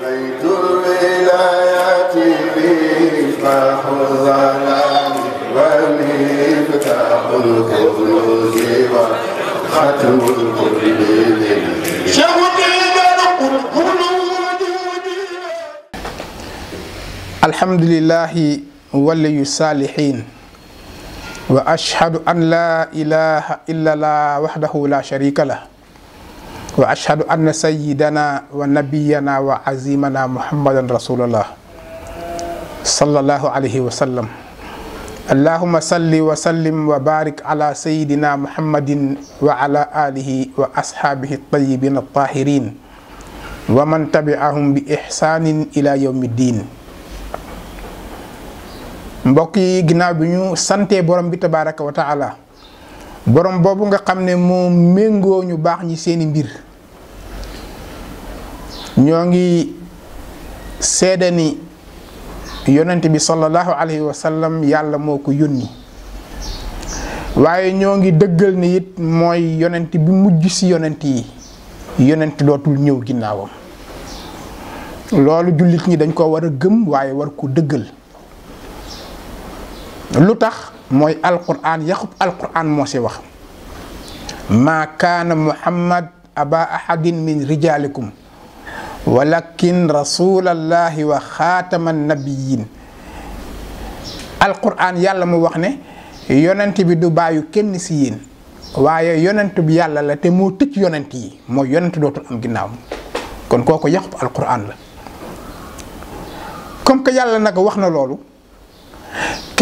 بيت وختم الكل الحمد لله ولي الصالحين وأشهد أن لا إله إلا الله وحده لا شريك له وأشهد أن سيدنا ونبينا وعزيمنا محمدا رسول الله صلى الله عليه وسلم اللهم صل وسلم وبارك على سيدنا محمد وعلى آله وأصحابه الطيبين الطاهرين ومن تبعهم بإحسان إلى يوم الدين mbokk yi ginnaaw bi ñu santee borom bi tabaraka wa taala borom boobu nga xam ne moom méngoo ñu baax ñi seeni mbir ñoo ngi seede ni yonent bi sallallahu alayhi wa sallam yàlla moo ko yónni waaye ñoo ngi dëggal ni it mooy yonent bi mujj ci yonent yi yonent dootul ñëw ginnaawam loolu jullit ñi dañ ko war a gëm waaye war ko dëggal lu tax mooy alquran yaqub alquran moo si wax maa kaana muhammad aba ahadin min rijalikum walakin rasulallahi wa xaatama nabiyin alquran yàlla mu wax ne yonent bi du bàyyu kenn si yéen waaye yonent bi yàlla la te moo tëj yonent yi mooy yonent dootul am ginnaaw kon kooku yaqub alquran la comme que yàlla nag wax na loolu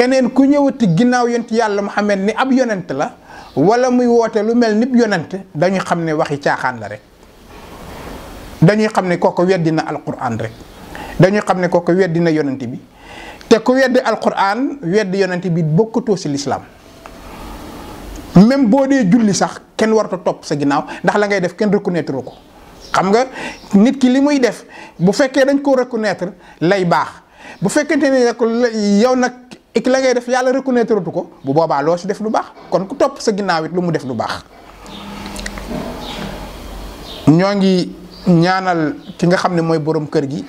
keneen ku ñëwati ginnaaw yonent yàlla Muhammad ni ab yonent la wala muy woote lu mel nib yonent dañuy xam ne waxi caaxaan la rek dañuy xam ne kooku weddi na alquran rek dañuy xam ne kooku weddi na yonent bi te ku weddi alquran weddi yonent bi bokkatoo ci lislaam même boo dee julli sax kenn warta topp sa ginnaaw ndax la ngay def kenn reconnaître ko xam nga nit ki li muy def bu fekkee dañ koo reconnaître lay baax bu fekkente ne yow nag. ik la ngay def yalla reconnaître tu ko bu boba lo ci def lu bax kon ku top sa ginnaaw lu mu def lu bax ñongi ñaanal ki nga xamne moy borom kër gi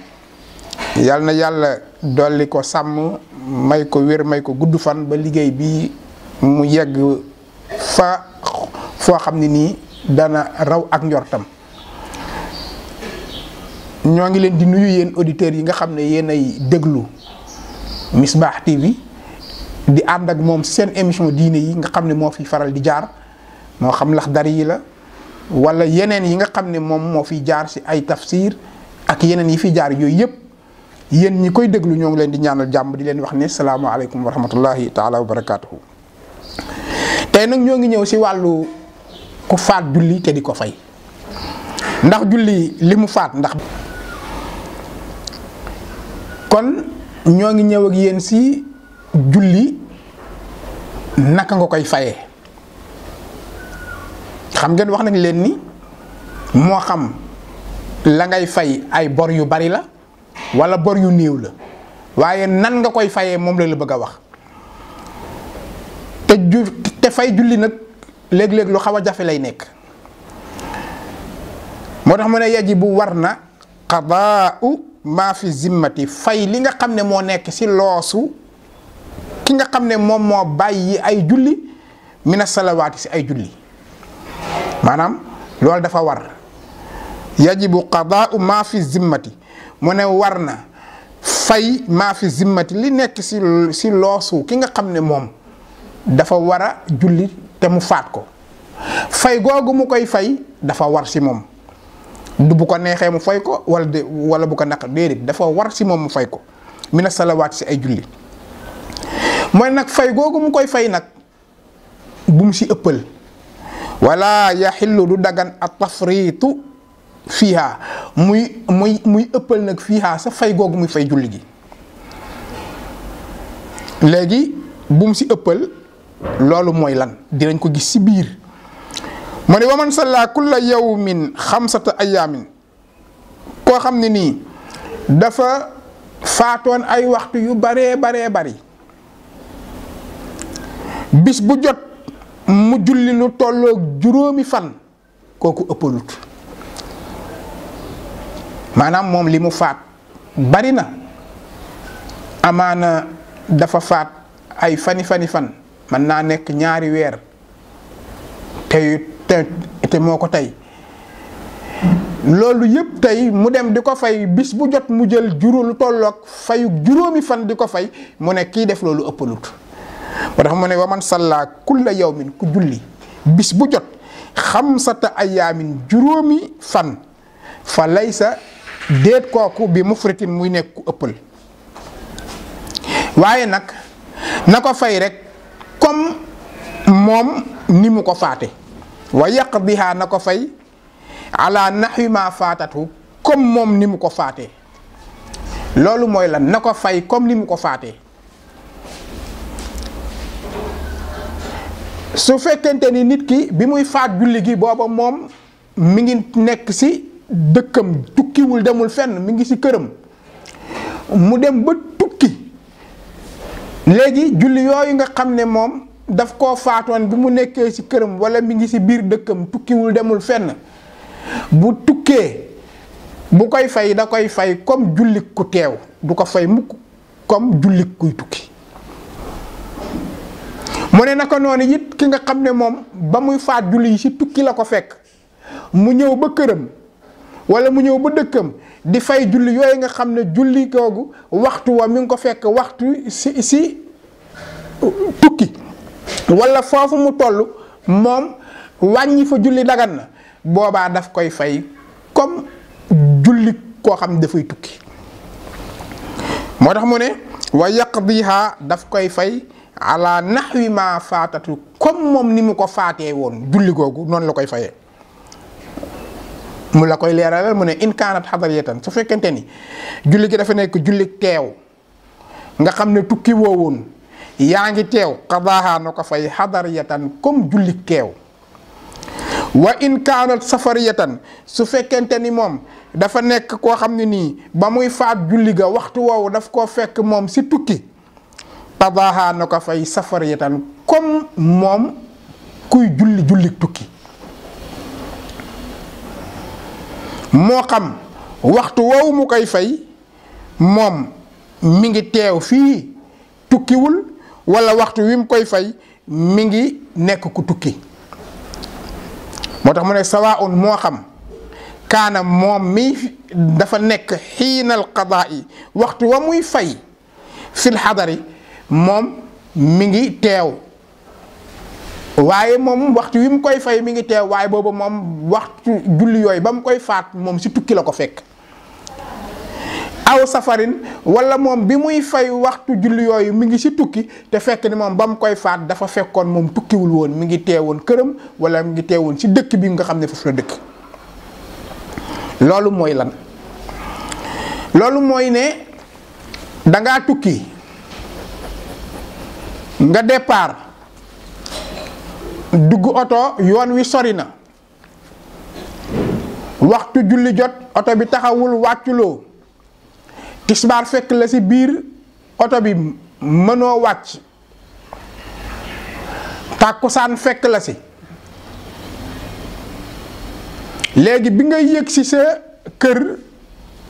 yalla na yalla doli ko sam may ko wër may ko gudd fan ba liggey bi mu yegg fa fo xamni ni dana raw ak ñortam ñongi leen di nuyu yeen auditeur yi nga xamne ne deglu ay Misbah TV di ànd ak moom seen émission diine yi nga xam ne moo fi faral di jaar moo xam lax dar yi la wala yeneen yi nga xam ne moom moo fiy jaar si ay tafsiir ak yeneen yi fi jaar yooyu yëpp yéen ñi koy déglu ñoo ngi leen di ñaanal jàmm di leen wax ni salaamaaleykum wa rahmatullahi taala wa barakaatuhu tey nag ñoo ngi ñëw si wàllu ku faat julli te di ko fay ndax julli li mu faat ndax. kon ñoo ngi ñëw ak yéen si. julli naka nga koy fayé xam ngeen wax nañ leen ni mo xam la ngay fay ay bor yu bari la wala bor yu néew la waye nan nga koy fayé mom la la bëgg wax te ju te fay julli nak léeg-léeg lu xawa jafé lay nek moo tax ne yaji bu warna qada'u ma fi zimmati fay li nga mo nek ci si loosu ki nga xam ne moom moo bàyyi ay julli mina salawaati si ay julli maanaam loolu dafa war yajibu qadaau maa fi zimmati mu ne war na fay maa fi zimmati li nekk si loosu ki nga xam ne moom dafa war a julli te mu faat ko fay googu mu koy fay dafa war si moom du bu ko neexee mu fay ko wala de bu ko naq déedéet dafa war si moom mu fay ko mina salawaati si ay julli moy nak fay googu mu koy fay nak bum ci eppal wala yahillu du dagan at tu fihah. muy muy muy eppal nak fihah, sa fay googu muy fay julli gi legi bum ci eppal lolou moy lan dinañ ko gis ci bir mani waman salla kull yawmin khamsata ayamin ko xamni ni dafa faton ay waxtu yu bare bare bari bis bu jot mu julli lu tollo juróomi fan koku eppalut manam mom limu faat bari na dafa faat ay fani fani fan man na nek ñaari weer te te te moo ko tey loolu mu dem diko fay bis bu jot mu jël juro lu tollok fayu juromi fan diko fay mu ne ki def lolou eppalut moo tax mu ne wa man salla kulla yawmin ku julli bis bu jot xamsata ayaamin juróomi fan fa sa déet kooku bi mufritin muy nekk ku ëppal waaye nag na ko fay rekk comme moom ni mu ko faate wa yaqdiha na ko fay ala nahwi ma faatatu comme moom ni mu ko faatee loolu mooy lan na ko fay comme ni mu ko faatee su fekkante ni nit ki bi muy faat julli gi mom mom mi ngi ci si tukki wul demul fenn mi ngi ci kërëm mu dem ba tukki legi julli yoy nga xamne mom daf ko faatone bi mu nekké ci kërëm wala mi ngi si biir tukki wul demul fenn bu tukke bu koy fay da koy fay comme julli ku tew du ko fay mukk comme julli kuy tukki mu ne naka noonu yit ki nga xam ne moom ba muy faat julli yi si tukki la ko fekk mu ñëw ba këram wala mu ñëw ba dëkkam di fay julli yooyu nga xam ne julli kooku waxtu wa mi ngi ko fekk waxtu si si tukki wala foofu mu toll moom wàññi fa julli dagan na boobaa daf koy fay comme julli koo xam ne dafay tukki moo tax mu ne wa yaqdiha daf koy fay ala naxwi ma faatatu comme moom ni mu ko faatee woon julli googu noonu la koy fayee mu la koy leeralal mu ne in kaanat xadariyatan su fekkente ni julli gi dafa nekk julli teew nga xam ne tukki woo yaa ngi teew xadaaha na ko fay xadariyatan comme julli teew wa in kaanat safariyatan su fekkente ni moom dafa nekk koo xam ne nii ba muy faat julli ga waxtu woowu daf koo fekk moom si tukki tabaxaa na ko fay safar yetan comme moom kuy julli julli tukki moo xam waxtu woowu mu koy fay moom mi ngi teew fii tukkiwul walla waxtu wi mu koy fay mi ngi nekk ku tukki moo tax mu ne sawaa un moo xam kaana moom mi dafa nekk xiinal qadaa yi waxtu wa muy fay fil xadari moom mi ngi teew waaye moom waxtu wi mu koy fay mi ngi teew waaye boobu moom waxtu julli yooyu ba mu koy faat moom si tukki la ko fekk aw safarin wala moom bi muy fay waxtu julli yooyu mi ngi si tukki te fekk ni moom ba mu koy faat dafa fekkoon moom tukkiwul woon mi ngi woon këram wala mu ngi teewoon si dëkk bi nga xam ne foofu la dëkk loolu mooy lan loolu mooy ne dangaa tukki nga départ dugg oto yoon wi sori na waxtu julli jot oto bi taxawul wàcculoo tisbaar fekk la ci biir oto bi mënoo wàcc tàkkusaan fekk la ci léegi bi nga yëg ci sa kër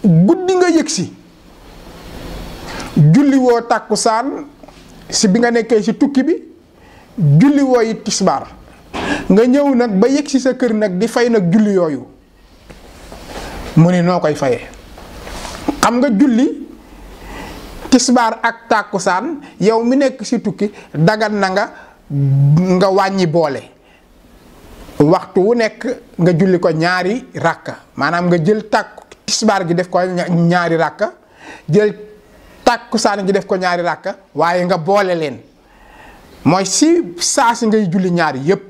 guddi nga yëg ci julli woo tàkkusaan si bi nga nekkee si tukki bi julli wooyi tisbaar nga ñëw nag ba yëg si sa kër nag di fay nag julli yooyu mu ni noo koy fayee xam nga julli tisbaar ak tàkkusaan yow mi nekk si tukki dagan na nga nga wàññi boole waxtu wu nekk nga julli ko ñaari ràkka maanaam nga jël tàkk tisbaar gi def ko ñaari ràkka jël tàkkusaan gi def ko ñaari ràkka waaye nga boole leen mooy si saa si ngay julli ñaari yépp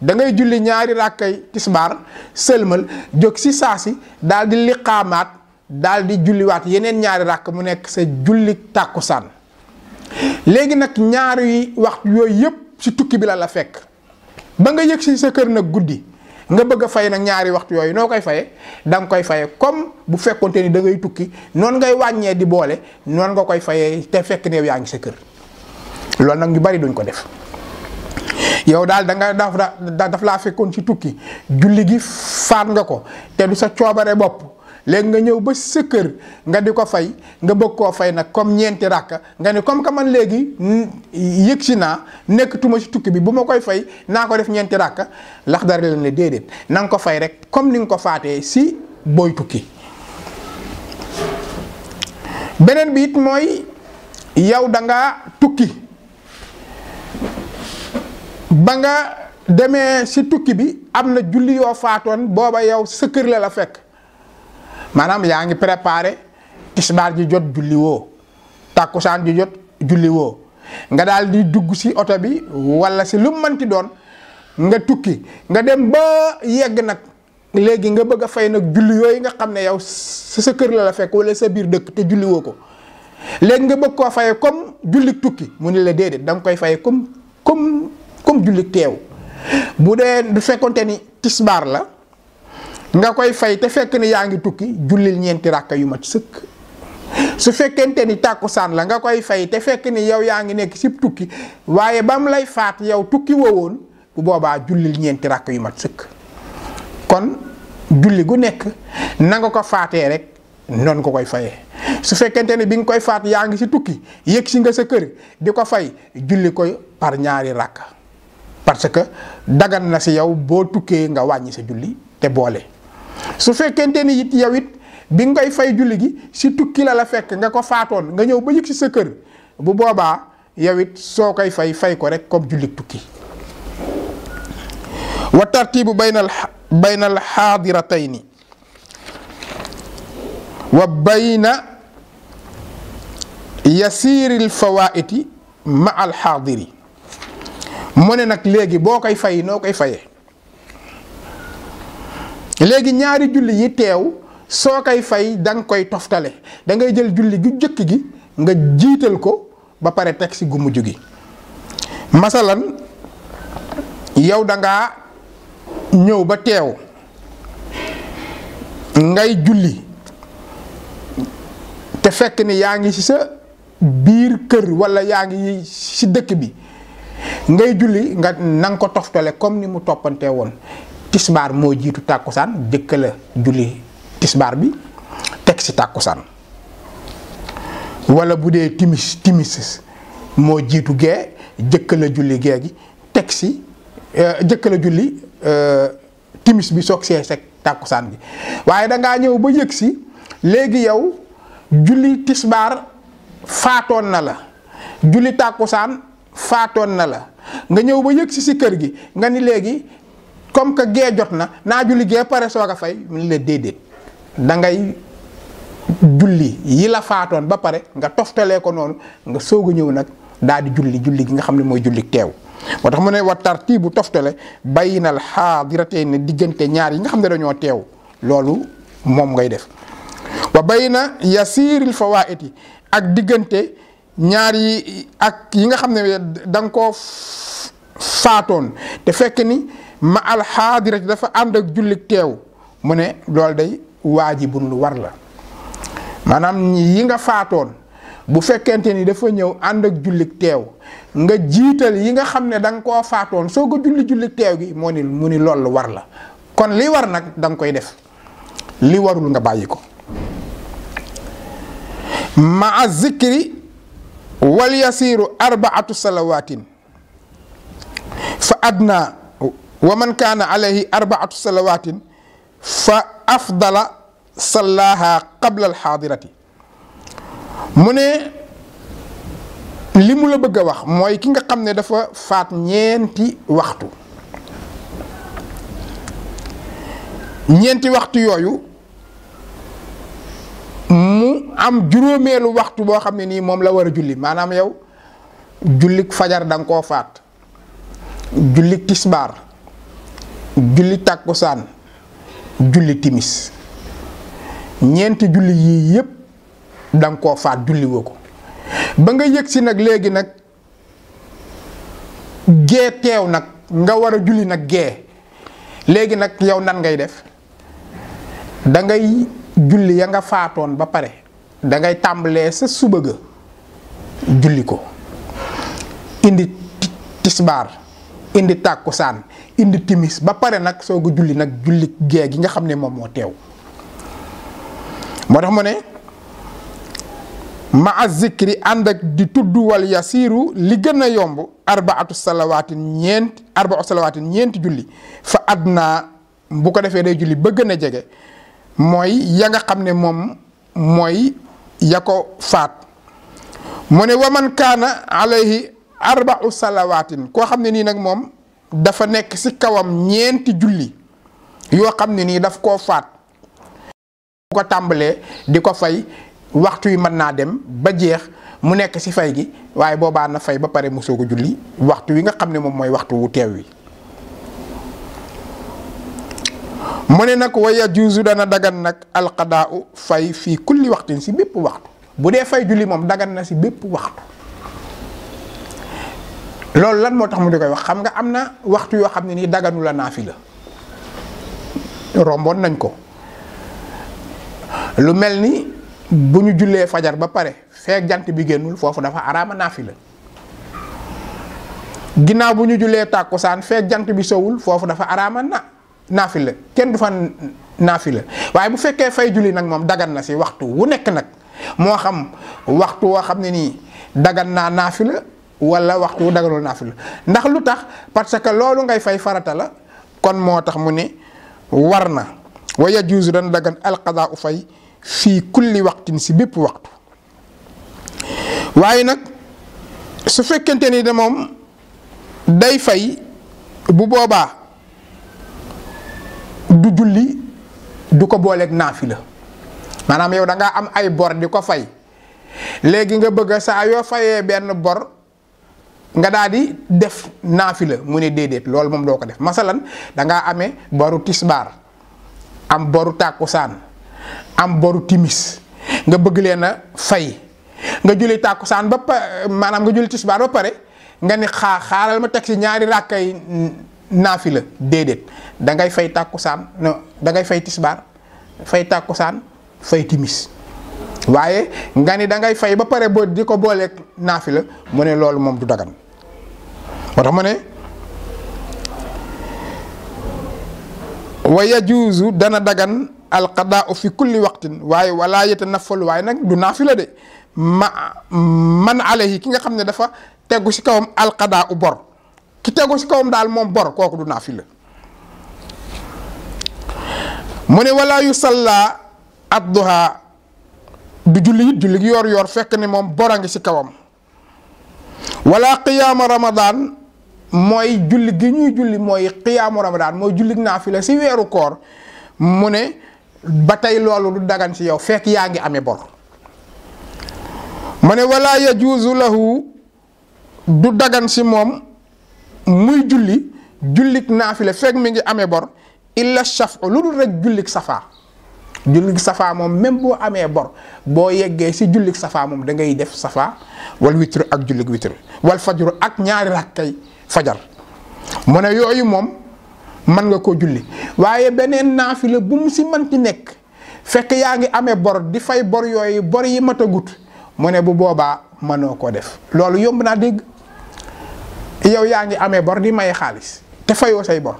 dangay julli ñaari ràkkay tisbaar sëlmal jóg si saa si daal di liqaamaat daal di julliwaat yeneen ñaari ràkk mu nekk sa julli tàkkusaan léegi nag ñaari waxtu yooyu yépp si tukki bi la la fekk ba nga yëg si sa kër nag guddi nga bëgg a fay nag ñaari waxtu yooyu noo koy faye danga koy faye comme bu fekkonte ni da ngay tukki noonu ngay wàññee di boole noonu nga koy fayee te fekk ne yaa ngi sa kër loolu nag ñu bari duñ ko def yow daal danga nga daf daf laa fekkoon ci tukki julli gi faat nga ko te du sa coobare bopp léegi nga ñëw ba sa kër nga di ko fay nga bëgg koo fay nag comme ñeenti rakka nga ne comme que man léegi yëg si naa nekkatuma si tukki bi bu ma koy fay naa ko def ñeenti rakka laxdar la ne déedéet nanga ko fay rek comme ni nga ko faatee si booy tukki beneen bi it mooy yow danga tukki ba nga demee si tukki bi am na julli yoo faatoon booba yow sa kër la la fekk. manam yaangi ngi préparé ji jot julli wo takusan ji jot julli wo nga dal di dugg si auto bi wala ci lu manti don nga tukki nga dem ba yegg nak legi nga bëgg fay nag julli yoy nga xamne yow sa kër la la fekk wala sa bir dekk te julli woko legi nga bëgg ko fay comme julli tukki mu ne la déedéet dang koy fay comme comme comme julli tew bu de du ni tisbar la nga koy fay te fekk ni yaa ngi tukki jullil ñeenti ràkka yu mat sëkk su fekkente ni tàkkusaan la nga koy fay te fekk ni yow yaa ngi nekk si tukki waaye ba mu lay faat yow tukki wowoon bu boobaa jullil ñeenti ràkk yu mat sëkk kon julli gu nekk na nga ko faatee rek noonu ko koy fayee su fekkente ni bi nga koy faat yaa ngi si tukki yëg si nga sa kër di ko fay julli koy par ñaari ràkk parce que dagan na si yow boo tukkee nga wàññi sa julli te boole su fekkente ni it yow it bi ngay fay julli gi si tukki la la fekk nga ko faatoon nga ñëw ba yëg si sa kër bu boobaa yow it soo koy fay fay ko rek comme julli tukki wa tartibu baynal baynal xaadiratayn wa bayna yasiiril fawaiti ma al xaadiri mu ne nag léegi boo koy fay noo koy faye léegi ñaari julli yi teew soo koy fay da koy toftale dangay jël julli gu jëkk gi nga jiital ko ba pare teg si gu mujj gi masalan yow dangaa ñëw ba teew ngay julli te fekk ni yaa ngi ci sa biir kër walla yaa ngi ci dëkk bi ngay julli nga na ko toftale comme ni mu toppante woon Tisbar mo jitu takusan jëkkale juli tisbar bi tek ci takusan wala bu timis timis mo jitu ge jëkkale julli gee gi teg si euh, jëkkale julli euh, timis bi soog takusan. seg tàkkusaan bi waaye da nga ñew ba yeksi légui yow julli tisbar faatoon na la julli takusan na la nga ñew ba yeksi si kër gi nga ni légui comme que gee jot na naa julli gee pare soog a fay mu ne la déedéet da ngay julli yi la faatoon ba pare nga toftalee ko noonu nga soog a ñëw nag daal di julli julli gi nga xam ne mooy julli teew. moo tax mu ne wa tartiibu toftale baynal xaadiratayn diggante ñaar yi nga xam ne dañoo teew loolu moom ngay def wa bayna yasiiril fawaa'iti ak diggante ñaar yi ak yi nga xam ne danga koo faatoon te fekk ni. ma alxaadira dafa ànd ak jullit teew mu ne loolu day waajibun lu war la maanaam yi nga faatoon bu fekkente ni dafa ñëw ànd ak jullit teew nga jiital yi nga xam ne danga nga koo faatoon soo ko julli jullit teew gi moo ni mu ni loolu war la kon li war nag danga koy def li warul nga bàyyi ko maa zikri wal yasiru arbaatu salawaatin fa adna wa man kaana alayhi arbaatu salawaatin fa afdala sallaaha qabla alxaadirati mu ne li mu la bëgg a wax mooy ki nga xam ne dafa faat ñeenti waxtu ñeenti waxtu yooyu mu am juróomeelu waxtu boo xam ne nii moom la war a julli maanaam yow jullik fajar da koo faat jullik tisbaar julli tàkkusaan julli timis ñeenti julli yii yépp danga koo faat julli woo ko ba nga yëg si nag léegi nag gee teew nag nga war a julli nag gee léegi nag yow nan ngay def dangay julli ya nga faatoon ba pare dangay tàmbalee sa suba ga julli ko indi tisbaar indi tàkkusaan indi timis ba pare nag soog a julli nag julli gee gi nga xam ne moom moo teew moo tax mu ne maa di tudd wal yasiru li gën a yomb arbaatu salawaatin ñeent fa adna bu ko defee day julli ba gën mooy ya xam ne moom mooy ya ko faat mu ne waman kaana alayhi arbau salawaatin koo xam ne nii nag moom dafa nekk ci kawam ñeenti julli yoo xam ne nii daf koo faat bu ko tàmbalee di ko fay waxtu yi mën naa dem ba jeex mu nekk ci fay gi waaye boobaa na fay ba pare mu soog a julli waxtu wi nga xam ne moom waxtu wu wi mu ne waya juusu dana dagan nag alqadaau fay fi kulli waxtin ci bépp waxtu bu fay julli mom dagan na ci bépp waxtu lol lan motax mu dikoy wax xam nga amna na waxtu yo xamni ni daganu la la nañ ko lu melni ni julé fajar ba paré fek jant bi gennul fofu dafa arama naafi la ginnaaw bu ñu jullee fek jant bi sowul fofu dafa arama na naafi la kenn du fan naafi la waaye bu fekke fay julli nak mom dagan na si waxtu wu nek nak mo xam waxtu wo xamni ni dagan na naafi la wala waxtu daganul nafila ndax lutax parce que lolu ngay fay farata la kon motax muné warna waya yajuzu dan dagan al qada fay fi kulli waqtin si bepp waxtu waye nak su fekente ni de mom day fay bu boba du julli du ko bolek nafila manam yow da nga am ay bor ko fay légui nga bëgg sa yo fayé ben bor nga daal di def naafi la mu ne déedéet loolu moom doo ko def masalan da ngaa amee boru tisbaar am boru tàkkusaan am boru timis nga bëgg leen a fay nga julli tàkkusaan ba pa maanaam nga julli tisbaar ba pare nga ni xaa xaaral ma teg si ñaari ràkkay la déedéet da ngay fay tàkkusaan non da ngay fay tisbaar fay tàkkusaan fay timis waaye nga ni dangay fay ba pare boo di ko naafi la mu ne loolu moom du dagan moo tax ma ne wa yajuuzu dana dagan alqadaau fi kulli waqtin waaye wala yatanafalu waaye nag du naafila de ma man alayhi ki nga xam ne dafa tegu ci kawam alqadaau bor ki tegu ci kawam daal moom bor kooku du naafila mu ne wala yu salla adduha du julli julli yoor yoor fekk ne moom bor a ngi si kawam wala qiyaama ramadan mooy julli gi ñuy julli mooy xiyaamu ramadaan mooy julli naafila si weeru koor mu ne ba tey loolu du dagan si yow fekk yaa ngi amee bor mu ne wala yajuuzu lahu du dagan si moom muy julli jullik naafila fekk mi ngi amee bor illa shaf lu dul rek jullik safaa jullik safaa moom même boo amee bor boo yeggee si jullik safaa moom da ngay def safaa wal witru ak jullik witru wal fajru ak ñaari rakkay fajar mune yoy mom man nga ko julli waye benen nafile bu mu si man nekk nek fek ngi amé bor di fay bor yoy bor yi mata gut mune bu boba mënoo ko def lolou yomb na deg yow yaangi ngi bor di may xaliss te fayo say bor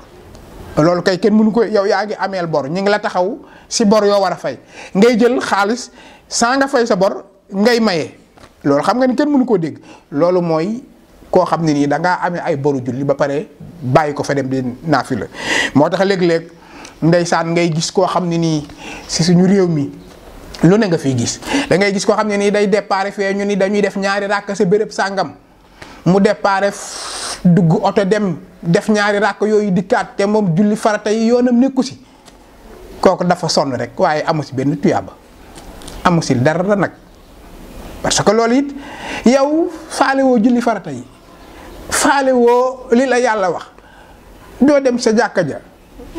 lolou kay ken mënu ko yow yaangi ngi bor ñing la taxaw si bor yo wara fay ngay jël xaliss sa nga fay sa bor ngay maye lolou xam nga ni ken mënu ko deg lolou moy ko xamni ni da nga amé ay boru julli ba pare bayiko fa dem di naafila motax tax léeg ndaysan ngay gis ko xamni ni ci suñu réew mi lu ne nga fi gis da ngay gis ko xamni ni day déparé fee ñu ni dañuy def ñaari rak ci bërepp sangam mu déparé dugg auto dem def ñaari ràkk yooyu dikkaat té mom julli farata yi yonam neeku ci koku dafa son rek waye amu ci benn tuyaba amu ci dara nak parce que lolit yow faale wo julli farata yi faale wo li la yàlla wax do dem sa jakaja ja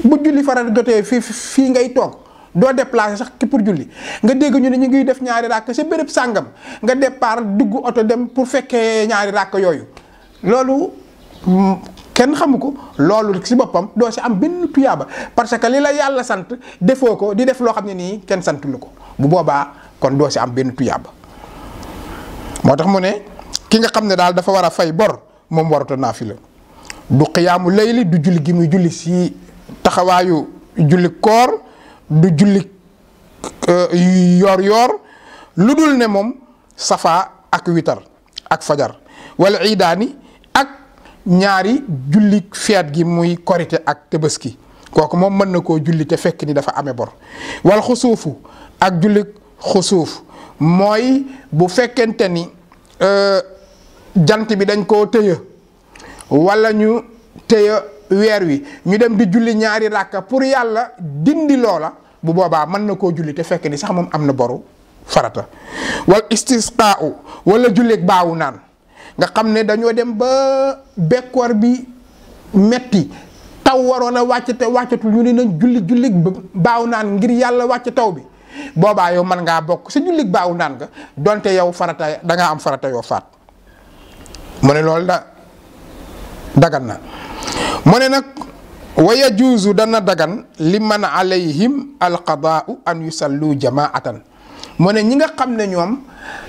bu julli faral doté fi fi ngay tok do déplacer sax ki pour julli nga dégg ñu ni ñi ngi def ñaari rak ci bërepp sangam nga départ dugg auto dem pour féké ñaari rak yoyu lolu mm, ken xamuko lolu ci bopam do ci am benn tuyaba parce que li la yàlla sant ko di def lo xamni ni ken sante sant bu boba kon do ci am benn tuyaba motax mu ne ki nga xamne dal dafa wara fay bor moom warata naafila du xiyaamu layli du julli gi muy julli si taxawaayu julli koor du julli euh, yoor yoor lu dul ne moom safaa ak witar ak fajar wala iidaani ak ñaari julli feet gi muy korite ak tëbaski kooku moom mën na koo julli te fekk ni dafa amee bor wal xusuufu ak julli xusuuf mooy bu fekkente ni euh, jant bi dañ koo tëye wala ñu tëye weer wi ñu dem di julli ñaari ràkka pour yàlla dindi loola bu boobaa mën na koo julli te fekk ni sax moom am na boru farata wal istisqaa wala julleeg baawu naan nga xam ne dañoo dem ba bekkoor bi metti taw waroon a wàcc te wàccatul ñu ne nañ julli jullig baaw ngir yàlla wàcc taw bi boobaa yow mën ngaa bokk sa jullig baawu naan nga donte yow farata da ngaa am farata yoo faat mu lol da dagan na mu nak waya juzu dana dagan liman man alayhim alqadau an yusallu jamaatan mu ñi nga xam ñom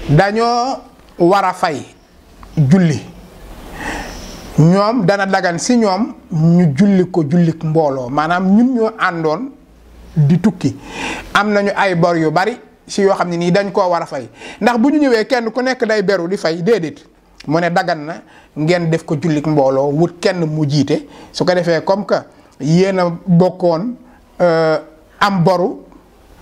daño wara fay julli ñom dana dagan si ñom ñu julli ko jullik mbolo manam ñun ñoo andon di tukki am nañu ay bor yu bari si yo xamni ni dañ ko wara fay ndax buñu kenn ku nekk day beru di fay mune dagan na ngeen def ko jullik mbolo wut kenn mu jité su ko defé comme que yena a euh am boru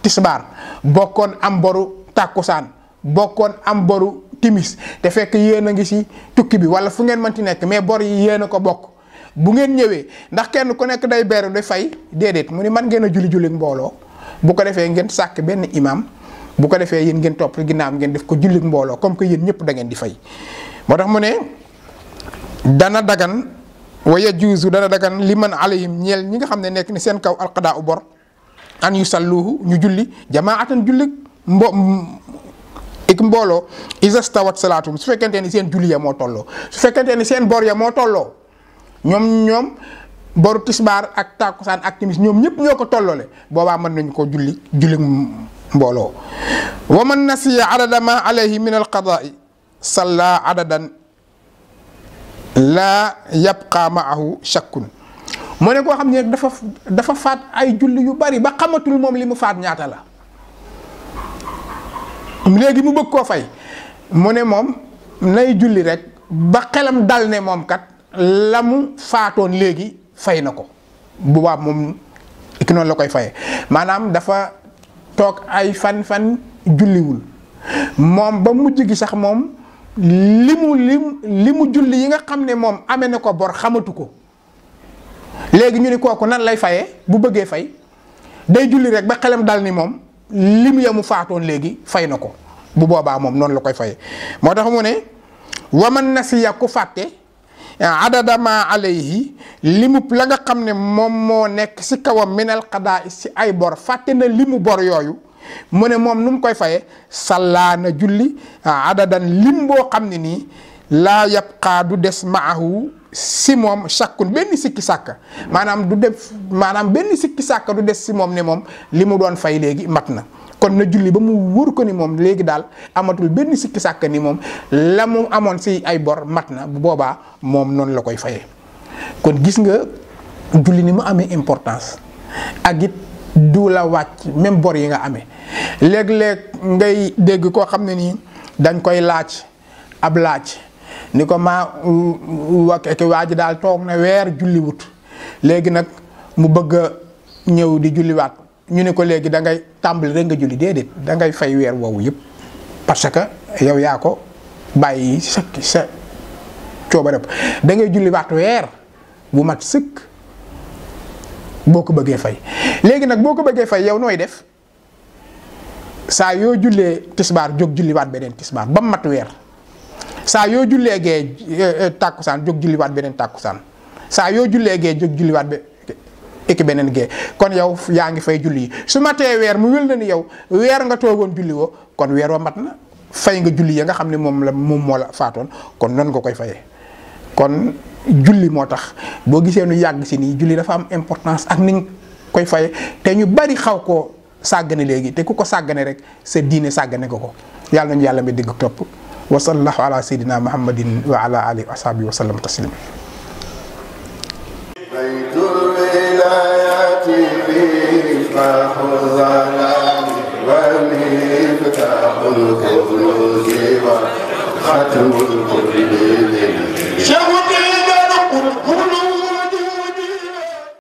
tisbar bokkoon am boru takusan bokkoon am boru timis te fekk yena ngi ci tukki bi wala fu ngeen mënti nek mais bor yi yéen ko bok bu ngeen ñëwee ndax kenn ku nek day beeru di fay dedet mune man ngeen julli jullik mbolo bu ko defé ngeen sak ben imam bu ko defé yeen ngeen top ginaam ngeen def ko jullik mbolo comme que yeen ñëpp da ngeen di fay moo tax mu ne dana dagan waya juusu dana dagan li man alayhim ñeel ñi nga xam ne nekk ni seen kaw alqadaa u bor an yu salluhu ñu julli jamaatan julli mbo ik mbooloo izastawat salaatum su fekkente ni seen julli ya moo tolloo su fekkente ni seen bor ya moo tolloo ñoom ñoom boru tisbaar ak tàkkusaan ak timis ñoom ñëpp ñoo ko tolloole boobaa mën nañu ko julli julli mbooloo wa man nasiya adada ma alayhi min alqadaai Salla Adadan, la yabqa ma'ahu شك mu ne koo xam dafa dafa fat ay julli yu bari ba xamatul mom limu fat faat ñaata la léegi mu bëgg ko fay moné ne moom nay julli rek ba xelam dal ne mom kat lamu faton legi fay nako bu baax mom ki la koy fay manam dafa tok ay fan fan wul mom ba mujj gi sax mom limu mu lim li mu julli yi nga xam ne moom amee na ko bor xamatu ko léegi ñu ni kooku nan lay fayee bu bëggee fay day julli rek ba xelam dal ni moom lim ya mu faatoon léegi fay na ko bu boobaa moom noonu la koy fayee moo tax mu ne waman nasiya ku fàtte adadama alayhi limu la nga xam ne moom moo nekk si kawam minal xadaa si ay bor fàtte na limu bor yooyu mu ne moom nu mu koy faye na julli ah, adadan lim boo xam ne nii laa yabqaa du des maahu si moom chakkun benn sikki sàkka maanaam du def maanaam benn sikki sàkka du des si moom ne moom li mu doon fay léegi mat na kon na julli ba mu wóor ko ni moom léegi daal amatul benn sikki sàkka ni moom la mu amoon si ay bor mat na bu boobaa moom noonu la koy fayee kon gis nga julli ni mu amee importance ak it du la wàcc même bor yi nga amee léeg-léeg ngay dégg koo xam ne nii dañ koy laaj ab laaj ni ko ma wakkeki waa ji daal toog na weer julliwut léegi nag mu bëgg a ñëw di julliwaat ñu ne ko léegi da ngay tàmbali rek nga julli déedéet da ngay fay weer woowu yëpp parce que yow yaa ko bàyyi sa sa coobarab da ngay julliwaat weer bu mat sëkk boo ko bëggee fay léegi nag boo ko bëggee fay yow nooy def saa yoo jullee tisbaar jóg julliwaat beneen tisbaar ba mu mat weer saa yoo jullee gee eh, eh, tàkkusaan jóg julliwaat beneen tàkkusaan saa yoo jullee gee jóg julliwaat be ekki beneen gee kon yow yaa ngi fay julli yi su matee weer mu wél na ni yow weer nga toogoon julli kon weer wa mat na fay nga julli yi nga xam ne moom la moom moo la faatoon kon noonu nga koy fayee. kon julli motax bo boo gisee nu yàgg si nii julli dafa am importance ak ni koy fay te ñu bari xaw ko sagane legi te ku ko sàggane rek sa diine sagane ko ko nañu yalla mi deg top wa sallallahu ala sayidina muhammadin wa ala alihi wa sahbihi wa sallam taslim ختم القرآن